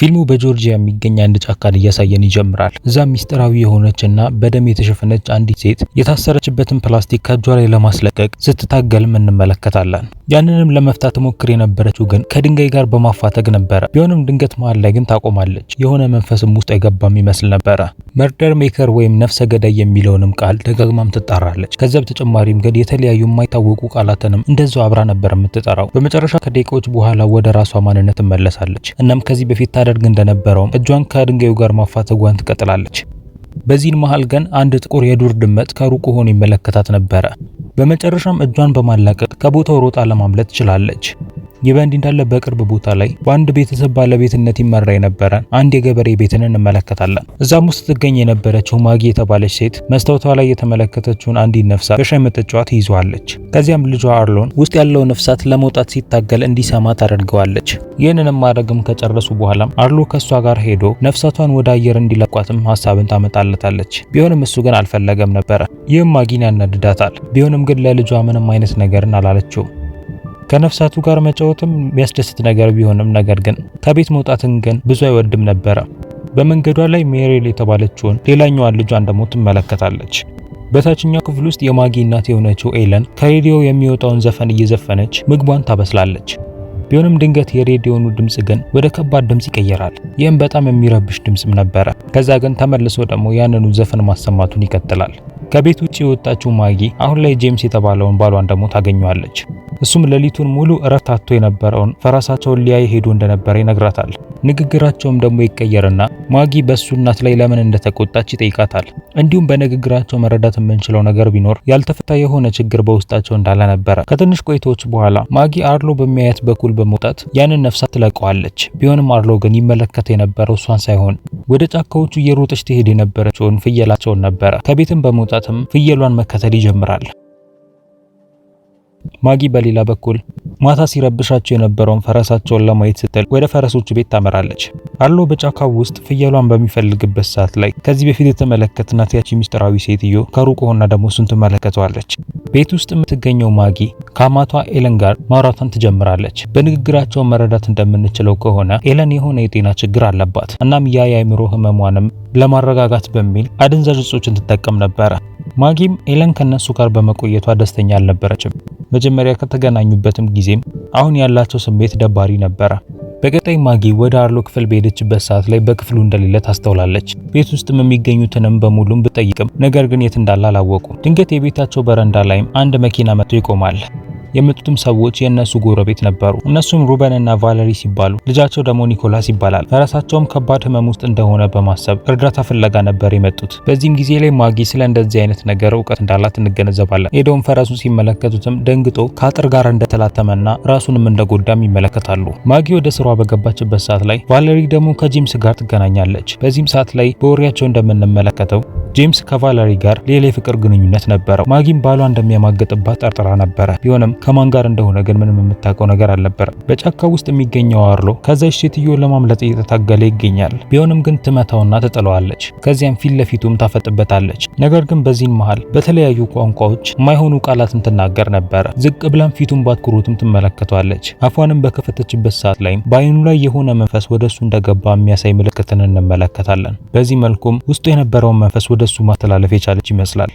ፊልሙ በጆርጂያ የሚገኝ አንድ ጫካን እያሳየን ይጀምራል። እዛ ሚስጥራዊ የሆነች እና በደም የተሸፈነች አንዲት ሴት የታሰረችበትን ፕላስቲክ ከእጇ ላይ ለማስለቀቅ ስትታገልም እንመለከታለን። ያንንም ለመፍታት ሞክር የነበረችው ግን ከድንጋይ ጋር በማፋተግ ነበረ። ቢሆንም ድንገት መሀል ላይ ግን ታቆማለች። የሆነ መንፈስም ውስጥ የገባም ይመስል ነበረ። መርደር ሜከር ወይም ነፍሰ ገዳይ የሚለውንም ቃል ደጋግማም ትጣራለች። ከዛ በተጨማሪም ግን የተለያዩ የማይታወቁ ቃላትንም እንደዛው አብራ ነበር የምትጠራው። በመጨረሻ ከደቂቃዎች በኋላ ወደ ራሷ ማንነት ትመለሳለች። እናም ከዚህ በፊት ስታደርግ እንደነበረውም እጇን ከድንጋዩ ጋር ማፋተጓን ትቀጥላለች። በዚህን መሃል ግን አንድ ጥቁር የዱር ድመት ከሩቅ ሆኖ ይመለከታት ነበረ። በመጨረሻም እጇን በማላቀቅ ከቦታው ሮጣ ለማምለጥ ችላለች። ይህ በእንዲህ እንዳለ በቅርብ ቦታ ላይ በአንድ ቤተሰብ ባለቤትነት ይመራ የነበረ አንድ የገበሬ ቤትን እንመለከታለን። እዛም ውስጥ ትገኝ የነበረችው ማጊ የተባለች ሴት መስታወቷ ላይ የተመለከተችውን አንዲት ነፍሳት በሻይ መጠጫዋ ትይዘዋለች። ከዚያም ልጇ አርሎን ውስጥ ያለው ነፍሳት ለመውጣት ሲታገል እንዲሰማ ታደርገዋለች። ይህንንም ማድረግም ከጨረሱ በኋላም አርሎ ከእሷ ጋር ሄዶ ነፍሳቷን ወደ አየር እንዲለቋትም ሀሳብን ታመጣለታለች። ቢሆንም እሱ ግን አልፈለገም ነበረ። ይህም ማጊን ያናድዳታል። ቢሆንም ግን ለልጇ ምንም አይነት ነገርን አላለችውም። ከነፍሳቱ ጋር መጫወትም የሚያስደስት ነገር ቢሆንም ነገር ግን ከቤት መውጣትን ግን ብዙ አይወድም ነበረ። በመንገዷ ላይ ሜሪል የተባለችውን ሌላኛዋን ልጇን ደግሞ ትመለከታለች። በታችኛው ክፍል ውስጥ የማጊ እናት የሆነችው ኤለን ከሬዲዮ የሚወጣውን ዘፈን እየዘፈነች ምግቧን ታበስላለች። ቢሆንም ድንገት የሬዲዮኑ ድምፅ ግን ወደ ከባድ ድምፅ ይቀየራል። ይህም በጣም የሚረብሽ ድምፅም ነበረ። ከዛ ግን ተመልሶ ደግሞ ያንኑ ዘፈን ማሰማቱን ይቀጥላል። ከቤት ውጭ የወጣችው ማጊ አሁን ላይ ጄምስ የተባለውን ባሏን ደግሞ ታገኘዋለች። እሱም ሌሊቱን ሙሉ እረፍት አጥቶ የነበረውን ፈረሳቸውን ሊያይ ሄዶ እንደነበረ ይነግራታል። ንግግራቸውም ደግሞ ይቀየርና ማጊ በሱ እናት ላይ ለምን እንደተቆጣች ይጠይቃታል። እንዲሁም በንግግራቸው መረዳት የምንችለው ነገር ቢኖር ያልተፈታ የሆነ ችግር በውስጣቸው እንዳለ ነበረ። ከትንሽ ቆይታዎች በኋላ ማጊ አርሎ በሚያያት በኩል በመውጣት ያንን ነፍሳት ትለቀዋለች። ቢሆንም አርሎ ግን ይመለከት የነበረው እሷን ሳይሆን ወደ ጫካዎቹ እየሮጠች ትሄድ የነበረችውን ፍየላቸውን ነበረ። ከቤትም በመውጣትም ፍየሏን መከተል ይጀምራል። ማጊ በሌላ በኩል ማታ ሲረብሻቸው የነበረውን ፈረሳቸውን ለማየት ስትል ወደ ፈረሶቹ ቤት ታመራለች። አሎ በጫካው ውስጥ ፍየሏን በሚፈልግበት ሰዓት ላይ ከዚህ በፊት የተመለከትናት ያቺ ሚስጥራዊ ሴትዮ ከሩቅ ሆና ደግሞ እሱን ትመለከተዋለች። ቤት ውስጥ የምትገኘው ማጊ ከአማቷ ኤለን ጋር ማውራቷን ትጀምራለች። በንግግራቸው መረዳት እንደምንችለው ከሆነ ኤለን የሆነ የጤና ችግር አለባት። እናም ያ የአእምሮ ህመሟንም ለማረጋጋት በሚል አደንዛዥ እጾችን ትጠቀም ነበረ። ማጊም ኤለን ከነሱ ጋር በመቆየቷ ደስተኛ አልነበረችም። መጀመሪያ ከተገናኙበትም ጊዜም አሁን ያላቸው ስሜት ደባሪ ነበረ። በቀጣይ ማጊ ወደ አርሎ ክፍል በሄደችበት ሰዓት ላይ በክፍሉ እንደሌለ ታስተውላለች። ቤት ውስጥም የሚገኙትንም በሙሉም ብጠይቅም ነገር ግን የት እንዳለ አላወቁም። ድንገት የቤታቸው በረንዳ ላይም አንድ መኪና መጥቶ ይቆማል። የመጡትም ሰዎች የእነሱ ጎረቤት ነበሩ። እነሱም ሩበን እና ቫለሪ ሲባሉ ልጃቸው ደግሞ ኒኮላስ ይባላል። ራሳቸውም ከባድ ህመም ውስጥ እንደሆነ በማሰብ እርዳታ ፍለጋ ነበር የመጡት። በዚህም ጊዜ ላይ ማጊ ስለ እንደዚህ አይነት ነገር እውቀት እንዳላት እንገነዘባለን። ሄደውም ፈረሱ ሲመለከቱትም ደንግጦ ከአጥር ጋር እንደተላተመና ራሱንም እንደጎዳም ይመለከታሉ። ማጊ ወደ ስሯ በገባችበት ሰዓት ላይ ቫለሪ ደግሞ ከጂምስ ጋር ትገናኛለች። በዚህም ሰዓት ላይ በወሬያቸው እንደምንመለከተው ጄምስ ከቫለሪ ጋር ሌላ የፍቅር ግንኙነት ነበረው። ማጊም ባሏ እንደሚያማገጥባት ጠርጥራ ነበረ። ቢሆንም ከማን ጋር እንደሆነ ግን ምንም የምታውቀው ነገር አልነበረም። በጫካ ውስጥ የሚገኘው አርሎ ከዛች ሴትዮ ለማምለጥ እየተታገለ ይገኛል። ቢሆንም ግን ትመታውና ትጥለዋለች። ከዚያም ፊት ለፊቱም ታፈጥበታለች። ነገር ግን በዚህን መሃል በተለያዩ ቋንቋዎች የማይሆኑ ቃላትን ትናገር ነበረ። ዝቅ ብላም ፊቱን ባትኩሮትም ትመለከቷለች። አፏንም በከፈተችበት ሰዓት ላይም በአይኑ ላይ የሆነ መንፈስ ወደሱ እንደገባ የሚያሳይ ምልክትን እንመለከታለን። በዚህ መልኩም ውስጡ የነበረውን መንፈስ ወደሱ ማስተላለፍ የቻለች ይመስላል።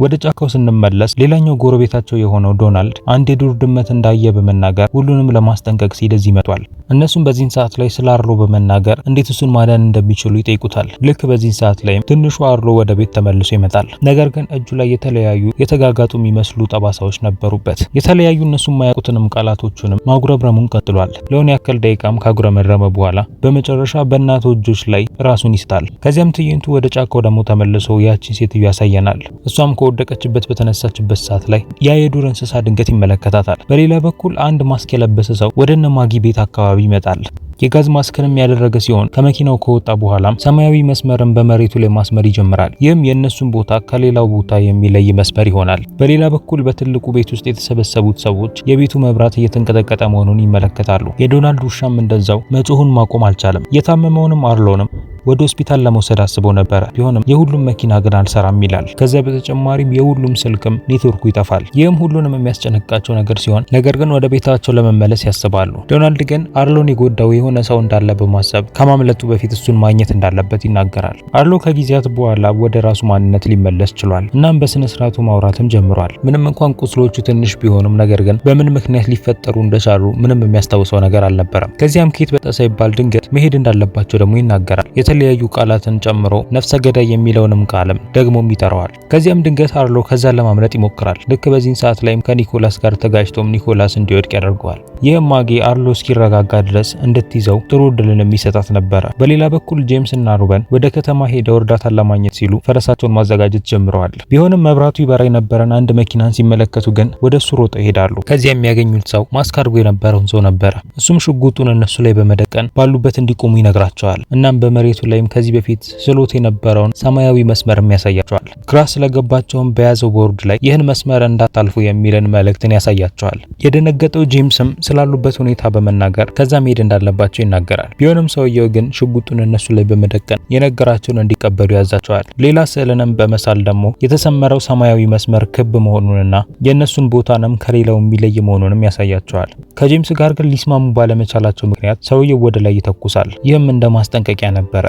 ወደ ጫካው ስንመለስ ሌላኛው ጎረቤታቸው የሆነው ዶናልድ አንድ የዱር ድመት እንዳየ በመናገር ሁሉንም ለማስጠንቀቅ ሲል እዚህ መጥቷል። እነሱም በዚህን ሰዓት ላይ ስለ አርሎ በመናገር እንዴት እሱን ማዳን እንደሚችሉ ይጠይቁታል። ልክ በዚህን ሰዓት ላይም ትንሹ አርሎ ወደ ቤት ተመልሶ ይመጣል። ነገር ግን እጁ ላይ የተለያዩ የተጋጋጡ የሚመስሉ ጠባሳዎች ነበሩበት። የተለያዩ እነሱ የማያውቁትንም ቃላቶቹንም ማጉረምረሙን ቀጥሏል። ለሆነ ያክል ደቂቃም ካጉረመረመ በኋላ በመጨረሻ በእናቱ እጆች ላይ ራሱን ይስታል። ከዚያም ትዕይንቱ ወደ ጫካው ደግሞ ተመልሶ ያቺን ሴትዮ ያሳየናል። እሷም ከወደቀችበት በተነሳችበት ሰዓት ላይ ያ የዱር እንስሳ ድንገት ይመለከታታል። በሌላ በኩል አንድ ማስክ የለበሰ ሰው ወደ እነ ማጊ ቤት አካባቢ ይመጣል። የጋዝ ማስክንም ያደረገ ሲሆን ከመኪናው ከወጣ በኋላም ሰማያዊ መስመርን በመሬቱ ላይ ማስመር ይጀምራል። ይህም የእነሱን ቦታ ከሌላው ቦታ የሚለይ መስመር ይሆናል። በሌላ በኩል በትልቁ ቤት ውስጥ የተሰበሰቡት ሰዎች የቤቱ መብራት እየተንቀጠቀጠ መሆኑን ይመለከታሉ። የዶናልድ ውሻም እንደዛው መጮሁን ማቆም አልቻለም። የታመመውንም አርሎንም ወደ ሆስፒታል ለመውሰድ አስቦ ነበረ። ቢሆንም የሁሉም መኪና ግን አልሰራም ይላል። ከዚያ በተጨማሪም የሁሉም ስልክም ኔትወርኩ ይጠፋል። ይህም ሁሉንም የሚያስጨነቃቸው ነገር ሲሆን፣ ነገር ግን ወደ ቤታቸው ለመመለስ ያስባሉ። ዶናልድ ግን አርሎን የጎዳው የሆነ ሰው እንዳለ በማሰብ ከማምለጡ በፊት እሱን ማግኘት እንዳለበት ይናገራል። አርሎ ከጊዜያት በኋላ ወደ ራሱ ማንነት ሊመለስ ችሏል። እናም በስነ ስርዓቱ ማውራትም ጀምሯል። ምንም እንኳን ቁስሎቹ ትንሽ ቢሆኑም፣ ነገር ግን በምን ምክንያት ሊፈጠሩ እንደቻሉ ምንም የሚያስታውሰው ነገር አልነበረም። ከዚያም ኬት በጠሳ ይባል ድንገት መሄድ እንዳለባቸው ደግሞ ይናገራል። የተለያዩ ቃላትን ጨምሮ ነፍሰ ገዳይ የሚለውንም ቃልም ደግሞም ይጠራዋል። ከዚያም ድንገት አርሎ ከዛ ለማምለጥ ይሞክራል። ልክ በዚህን ሰዓት ላይም ከኒኮላስ ጋር ተጋጅቶም ኒኮላስ እንዲወድቅ ያደርገዋል። ይህም ማጌ አርሎ እስኪረጋጋ ድረስ እንድትይዘው ጥሩ እድልን የሚሰጣት ነበረ። በሌላ በኩል ጄምስ እና ሩበን ወደ ከተማ ሄደው እርዳታን ለማግኘት ሲሉ ፈረሳቸውን ማዘጋጀት ጀምረዋል። ቢሆንም መብራቱ ይበራ የነበረን አንድ መኪናን ሲመለከቱ ግን ወደ እሱ ሮጠው ይሄዳሉ። ከዚያ የሚያገኙት ሰው ማስክ አድርጎ የነበረውን ሰው ነበረ። እሱም ሽጉጡን እነሱ ላይ በመደቀን ባሉበት እንዲቆሙ ይነግራቸዋል። እናም በመሬቱ ላይም ከዚህ በፊት ስሎት የነበረውን ሰማያዊ መስመርም ያሳያቸዋል። ግራ ስለገባቸውም በያዘው ቦርድ ላይ ይህን መስመር እንዳታልፉ የሚልን መልእክትን ያሳያቸዋል። የደነገጠው ጄምስም ስላሉበት ሁኔታ በመናገር ከዛ መሄድ እንዳለባቸው ይናገራል። ቢሆንም ሰውየው ግን ሽጉጡን እነሱ ላይ በመደቀን የነገራቸውን እንዲቀበሉ ያዛቸዋል። ሌላ ስዕልንም በመሳል ደግሞ የተሰመረው ሰማያዊ መስመር ክብ መሆኑንና የእነሱን ቦታንም ከሌላው የሚለይ መሆኑንም ያሳያቸዋል። ከጄምስ ጋር ግን ሊስማሙ ባለመቻላቸው ምክንያት ሰውየው ወደ ላይ ይተኩሳል። ይህም እንደ ማስጠንቀቂያ ነበረ።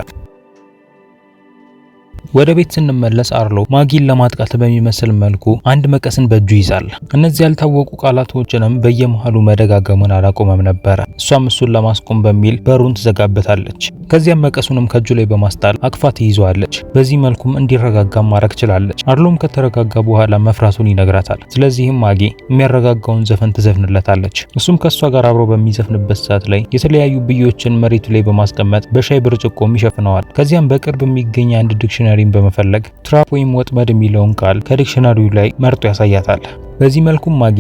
ወደ ቤት ስንመለስ አርሎ ማጊን ለማጥቃት በሚመስል መልኩ አንድ መቀስን በእጁ ይዛል። እነዚህ ያልታወቁ ቃላቶችንም በየመሃሉ መደጋገሙን አላቆመም ነበረ። እሷም እሱን ለማስቆም በሚል በሩን ትዘጋበታለች። ከዚያም መቀሱንም ከእጁ ላይ በማስጣል አቅፋ ትይዘዋለች። በዚህ መልኩም እንዲረጋጋ ማድረግ ችላለች። አርሎም ከተረጋጋ በኋላ መፍራቱን ይነግራታል። ስለዚህም ማጊ የሚያረጋጋውን ዘፈን ትዘፍንለታለች። እሱም ከእሷ ጋር አብሮ በሚዘፍንበት ሰዓት ላይ የተለያዩ ብዮችን መሬቱ ላይ በማስቀመጥ በሻይ ብርጭቆም ይሸፍነዋል። ከዚያም በቅርብ የሚገኝ አንድ ዲክሽነሪ ዲክሽነሪን በመፈለግ ትራፕ ወይም ወጥመድ የሚለውን ቃል ከዲክሽነሪው ላይ መርጦ ያሳያታል። በዚህ መልኩም ማጊ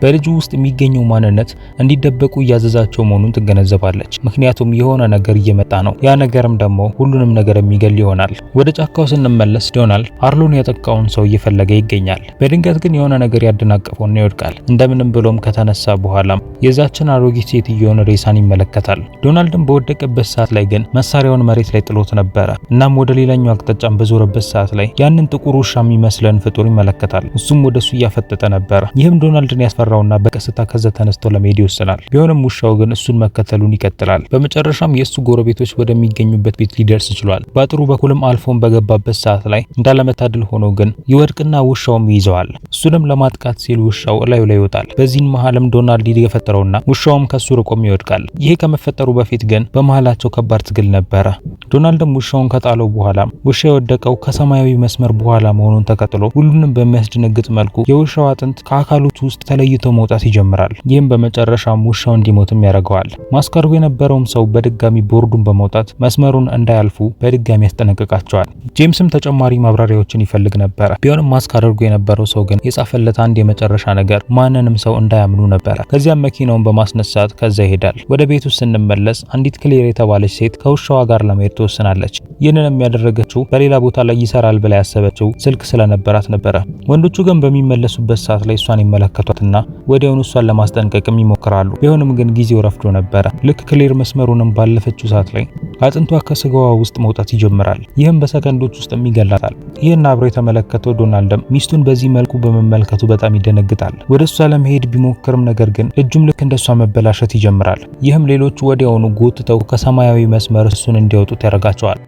በልጁ ውስጥ የሚገኘው ማንነት እንዲደበቁ እያዘዛቸው መሆኑን ትገነዘባለች። ምክንያቱም የሆነ ነገር እየመጣ ነው። ያ ነገርም ደግሞ ሁሉንም ነገር የሚገል ይሆናል። ወደ ጫካው ስንመለስ ዶናልድ አርሎን ያጠቃውን ሰው እየፈለገ ይገኛል። በድንገት ግን የሆነ ነገር ያደናቀፈውና ይወድቃል። እንደምንም ብሎም ከተነሳ በኋላም የዛችን አሮጊት ሴትዮን ሬሳን ይመለከታል። ዶናልድም በወደቀበት ሰዓት ላይ ግን መሳሪያውን መሬት ላይ ጥሎት ነበረ። እናም ወደ ሌላኛው አቅጣጫም በዞረበት ሰዓት ላይ ያንን ጥቁር ውሻ የሚመስለን ፍጡር ይመለከታል። እሱም ወደሱ እያፈጠጠ ነበረ። ይህም ዶናልድን ያስፈራውና በቀስታ ከዛ ተነስቶ ለመሄድ ይወስናል። ቢሆንም ውሻው ግን እሱን መከተሉን ይቀጥላል። በመጨረሻም የእሱ ጎረቤቶች ወደሚገኙበት ቤት ሊደርስ ይችሏል። በአጥሩ በኩልም አልፎን በገባበት ሰዓት ላይ እንዳለመታደል ሆኖ ግን ይወድቅና ውሻውም ይይዘዋል። እሱንም ለማጥቃት ሲል ውሻው እላዩ ላይ ይወጣል። በዚህን መሀልም ዶናልድ የፈ ይፈጠረውና ውሻውም ከሱ ርቆም ይወድቃል። ይሄ ከመፈጠሩ በፊት ግን በመሃላቸው ከባድ ትግል ነበረ። ዶናልድም ውሻውን ከጣለው በኋላ ውሻ የወደቀው ከሰማያዊ መስመር በኋላ መሆኑን ተከትሎ ሁሉንም በሚያስደነግጥ መልኩ የውሻው አጥንት ከአካሉት ውስጥ ተለይቶ መውጣት ይጀምራል። ይህም በመጨረሻም ውሻው እንዲሞትም ያደርገዋል። ማስከሩ የነበረውም ሰው በድጋሚ ቦርዱን በመውጣት መስመሩን እንዳያልፉ በድጋሚ ያስጠነቅቃቸዋል። ጄምስም ተጨማሪ ማብራሪያዎችን ይፈልግ ነበረ። ቢሆንም ማስክ አድርጎ የነበረው ሰው ግን የጻፈለት አንድ የመጨረሻ ነገር ማንንም ሰው እንዳያምኑ ነበረ። ከዚያም መኪናውን በማስነሳት ከዛ ይሄዳል። ወደ ቤቱ ስንመለስ አንዲት ክሌር የተባለች ሴት ከውሻዋ ጋር ለመሄድ ትወስናለች። ይህንንም ያደረገችው በሌላ ቦታ ላይ ይሰራል ብላ ያሰበችው ስልክ ስለነበራት ነበረ። ወንዶቹ ግን በሚመለሱበት ሰዓት ላይ እሷን ይመለከቷትና ወዲያውኑ እሷን ለማስጠንቀቅም ይሞክራሉ። ቢሆንም ግን ጊዜው ረፍዶ ነበረ። ልክ ክሌር መስመሩንም ባለፈችው ሰዓት ላይ አጥንቷ ከስጋዋ ውስጥ መውጣት ይጀምራል። ይህም በሰከንዶች ውስጥ ይገላታል። ይህን አብሮ የተመለከተው ዶናልድም ሚስቱን በዚህ መልኩ በመመልከቱ በጣም ይደነግጣል። ወደ እሷ ለመሄድ ቢሞክርም ነገር ግን እጁም እሱም ልክ እንደሷ መበላሸት ይጀምራል። ይህም ሌሎች ወዲያውኑ ጎትተው ከሰማያዊ መስመር እሱን እንዲያወጡት ያደርጋቸዋል።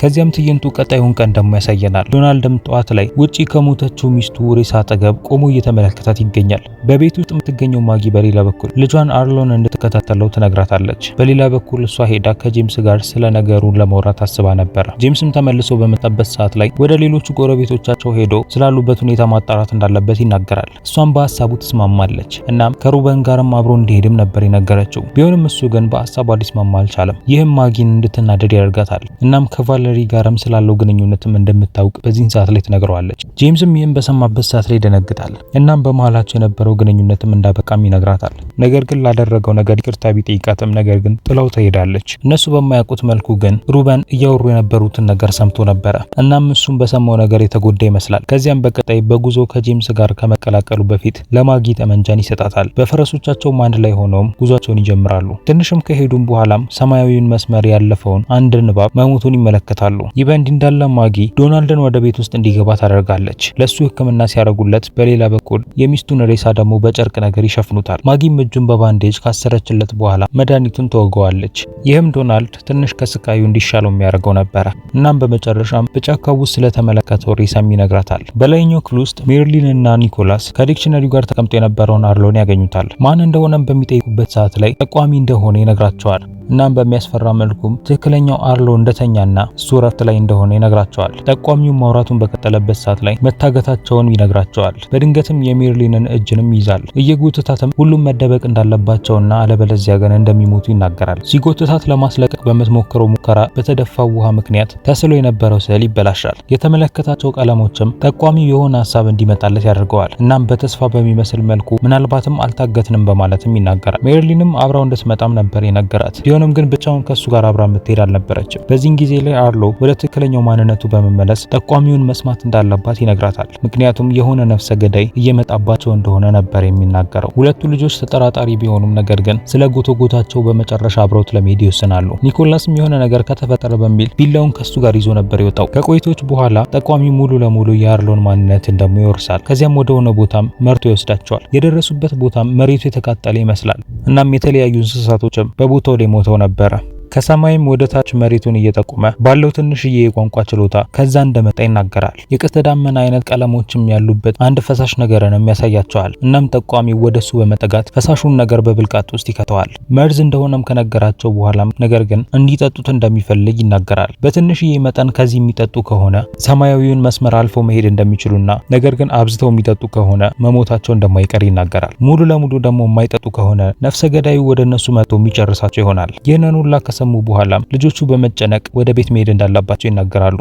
ከዚያም ትዕይንቱ ቀጣዩን ቀን ደግሞ ያሳየናል። ዶናልድም ጠዋት ላይ ውጪ ከሞተችው ሚስቱ ሬሳ አጠገብ ቆሞ እየተመለከታት ይገኛል። በቤት ውስጥ የምትገኘው ማጊ በሌላ በኩል ልጇን አርሎን እንድትከታተለው ትነግራታለች። በሌላ በኩል እሷ ሄዳ ከጄምስ ጋር ስለ ነገሩ ለመውራት አስባ ነበረ። ጄምስም ተመልሶ በመጣበት ሰዓት ላይ ወደ ሌሎቹ ጎረቤቶቻቸው ሄዶ ስላሉበት ሁኔታ ማጣራት እንዳለበት ይናገራል። እሷም በሀሳቡ ትስማማለች። እናም ከሩበን ጋርም አብሮ እንዲሄድም ነበር የነገረችው። ቢሆንም እሱ ግን በሀሳቡ ሊስማማ አልቻለም። ይህም ማጊን እንድትናደድ ያደርጋታል። እናም ከቫለ ከሂለሪ ጋርም ስላለው ግንኙነትም እንደምታውቅ በዚህን ሰዓት ላይ ትነግረዋለች። ጄምስም ይህን በሰማበት ሰዓት ላይ ይደነግጣል። እናም በመሃላቸው የነበረው ግንኙነትም እንዳበቃም ይነግራታል። ነገር ግን ላደረገው ነገር ይቅርታ ቢጠይቃትም ነገር ግን ጥለው ትሄዳለች። እነሱ በማያውቁት መልኩ ግን ሩበን እያወሩ የነበሩትን ነገር ሰምቶ ነበረ። እናም እሱም በሰማው ነገር የተጎዳ ይመስላል። ከዚያም በቀጣይ በጉዞ ከጄምስ ጋር ከመቀላቀሉ በፊት ለማጊ ጠመንጃን ይሰጣታል። በፈረሶቻቸውም አንድ ላይ ሆነውም ጉዟቸውን ይጀምራሉ። ትንሽም ከሄዱም በኋላም ሰማያዊውን መስመር ያለፈውን አንድ ንባብ መሞቱን ይመለከታል። ይመለከታሉ። ይህ በእንዲህ እንዳለ ማጊ ዶናልድን ወደ ቤት ውስጥ እንዲገባ ታደርጋለች። ለሱ ሕክምና ሲያደርጉለት፣ በሌላ በኩል የሚስቱን ሬሳ ደግሞ በጨርቅ ነገር ይሸፍኑታል። ማጊም እጁን በባንዴጅ ካሰረችለት በኋላ መድኃኒቱን ተወገዋለች። ይህም ዶናልድ ትንሽ ከስቃዩ እንዲሻለው የሚያደርገው ነበረ። እናም በመጨረሻም በጫካው ውስጥ ስለተመለከተው ሬሳም ይነግራታል። በላይኛው ክፍል ውስጥ ሜርሊን እና ኒኮላስ ከዲክሽነሪው ጋር ተቀምጦ የነበረውን አርሎን ያገኙታል። ማን እንደሆነም በሚጠይቁበት ሰዓት ላይ ጠቋሚ እንደሆነ ይነግራቸዋል። እናም በሚያስፈራ መልኩም ትክክለኛው አርሎ እንደተኛና እሱ እረፍት ላይ እንደሆነ ይነግራቸዋል። ጠቋሚው ማውራቱን በቀጠለበት ሰዓት ላይ መታገታቸውን ይነግራቸዋል። በድንገትም የሜርሊንን እጅንም ይዛል። እየጎተታትም ሁሉም መደበቅ እንዳለባቸውና አለበለዚያ ገና እንደሚሞቱ ይናገራል። ሲጎተታት ለማስለቀቅ በምትሞክረው ሙከራ በተደፋው ውሃ ምክንያት ተስሎ የነበረው ስዕል ይበላሻል። የተመለከታቸው ቀለሞችም ጠቋሚው የሆነ ሀሳብ እንዲመጣለት ያደርገዋል። እናም በተስፋ በሚመስል መልኩ ምናልባትም አልታገትንም በማለትም ይናገራል። ሜርሊንም አብራው እንድትመጣም ነበር የነገራት ቢሆንም ግን ብቻውን ከሱ ጋር አብራ የምትሄድ አልነበረችም። በዚህን ጊዜ ላይ አርሎ ወደ ትክክለኛው ማንነቱ በመመለስ ጠቋሚውን መስማት እንዳለባት ይነግራታል። ምክንያቱም የሆነ ነፍሰ ገዳይ እየመጣባቸው እንደሆነ ነበር የሚናገረው። ሁለቱ ልጆች ተጠራጣሪ ቢሆኑም ነገር ግን ስለ ጎቶጎታቸው በመጨረሻ አብረውት ለመሄድ ይወስናሉ። ኒኮላስም የሆነ ነገር ከተፈጠረ በሚል ቢላውን ከሱ ጋር ይዞ ነበር የወጣው። ከቆይቶች በኋላ ጠቋሚ ሙሉ ለሙሉ የአርሎን ማንነት ደግሞ ይወርሳል። ከዚያም ወደ ሆነ ቦታም መርቶ ይወስዳቸዋል። የደረሱበት ቦታም መሬቱ የተቃጠለ ይመስላል። እናም የተለያዩ እንስሳቶችም በቦታው ላይ ሞተው ተገናኝተው ነበረ። ከሰማይም ወደ ታች መሬቱን እየጠቆመ ባለው ትንሽዬ የቋንቋ ችሎታ ከዛ እንደመጣ ይናገራል። የቀስተ ደመና አይነት ቀለሞችም ያሉበት አንድ ፈሳሽ ነገርንም ያሳያቸዋል። እናም ጠቋሚ ወደሱ በመጠጋት ፈሳሹን ነገር በብልቃት ውስጥ ይከተዋል። መርዝ እንደሆነም ከነገራቸው በኋላም ነገር ግን እንዲጠጡት እንደሚፈልግ ይናገራል። በትንሽዬ መጠን ከዚህ የሚጠጡ ከሆነ ሰማያዊውን መስመር አልፎ መሄድ እንደሚችሉና ነገር ግን አብዝተው የሚጠጡ ከሆነ መሞታቸው እንደማይቀር ይናገራል። ሙሉ ለሙሉ ደግሞ የማይጠጡ ከሆነ ነፍሰ ገዳዩ ወደ እነሱ መጥቶ የሚጨርሳቸው ይሆናል። ይህንን ሁላ ከሰሙ በኋላ ልጆቹ በመጨነቅ ወደ ቤት መሄድ እንዳለባቸው ይናገራሉ።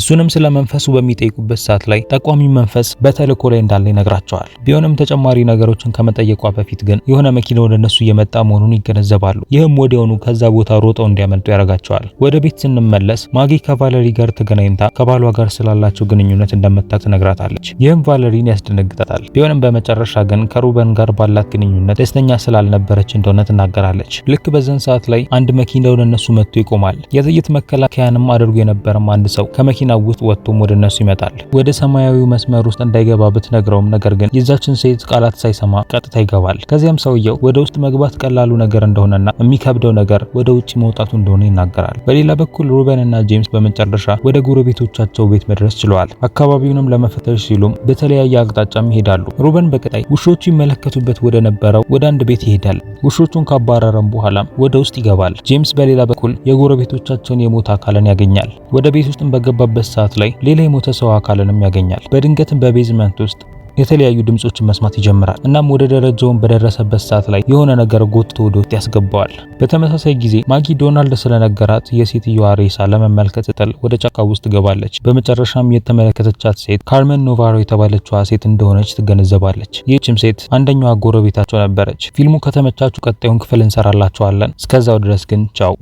እሱንም ስለ መንፈሱ በሚጠይቁበት ሰዓት ላይ ጠቋሚ መንፈስ በተልእኮ ላይ እንዳለ ይነግራቸዋል። ቢሆንም ተጨማሪ ነገሮችን ከመጠየቋ በፊት ግን የሆነ መኪና ወደ እነሱ እየመጣ መሆኑን ይገነዘባሉ። ይህም ወዲያውኑ ከዛ ቦታ ሮጠው እንዲያመልጡ ያደርጋቸዋል። ወደ ቤት ስንመለስ ማጊ ከቫለሪ ጋር ተገናኝታ ከባሏ ጋር ስላላቸው ግንኙነት እንደመታ ትነግራታለች። ይህም ቫለሪን ያስደነግጣታል። ቢሆንም በመጨረሻ ግን ከሩበን ጋር ባላት ግንኙነት ደስተኛ ስላልነበረች እንደሆነ ትናገራለች። ልክ በዘን ሰዓት ላይ አንድ መኪና ወደ እነሱ መጥቶ ይቆማል። የጥይት መከላከያንም አድርጎ የነበረም አንድ ሰው ከመኪና መኪና ውስጥ ወጥቶም ወደ እነሱ ይመጣል። ወደ ሰማያዊው መስመር ውስጥ እንዳይገባ ብትነግረውም ነገር ግን የዛችን ሴት ቃላት ሳይሰማ ቀጥታ ይገባል። ከዚያም ሰውየው ወደ ውስጥ መግባት ቀላሉ ነገር እንደሆነና የሚከብደው ነገር ወደ ውጭ መውጣቱ እንደሆነ ይናገራል። በሌላ በኩል ሩበን እና ጄምስ በመጨረሻ ወደ ጎረቤቶቻቸው ቤት መድረስ ችለዋል። አካባቢውንም ለመፈተሽ ሲሉም በተለያየ አቅጣጫም ይሄዳሉ። ሩበን በቀጣይ ውሾቹ ይመለከቱበት ወደ ነበረው ወደ አንድ ቤት ይሄዳል። ውሾቹን ካባረረም በኋላም ወደ ውስጥ ይገባል። ጄምስ በሌላ በኩል የጎረቤቶቻቸውን የሞት አካልን ያገኛል። ወደ ቤት ውስጥም በገባ በሚያነሳበት ሰዓት ላይ ሌላ የሞተ ሰው አካልንም ያገኛል። በድንገትም በቤዝመንት ውስጥ የተለያዩ ድምጾችን መስማት ይጀምራል። እናም ወደ ደረጃውን በደረሰበት ሰዓት ላይ የሆነ ነገር ጎትቶ ወደ ውስጥ ያስገባዋል። በተመሳሳይ ጊዜ ማጊ ዶናልድ ስለነገራት የሴትዮዋ ሬሳ ለመመልከት ስትል ወደ ጫካ ውስጥ ገባለች። በመጨረሻም የተመለከተቻት ሴት ካርመን ኖቫሮ የተባለችዋ ሴት እንደሆነች ትገነዘባለች። ይህችም ሴት አንደኛዋ ጎረቤታቸው ነበረች። ፊልሙ ከተመቻችሁ ቀጣዩን ክፍል እንሰራላችኋለን። እስከዛው ድረስ ግን ቻው።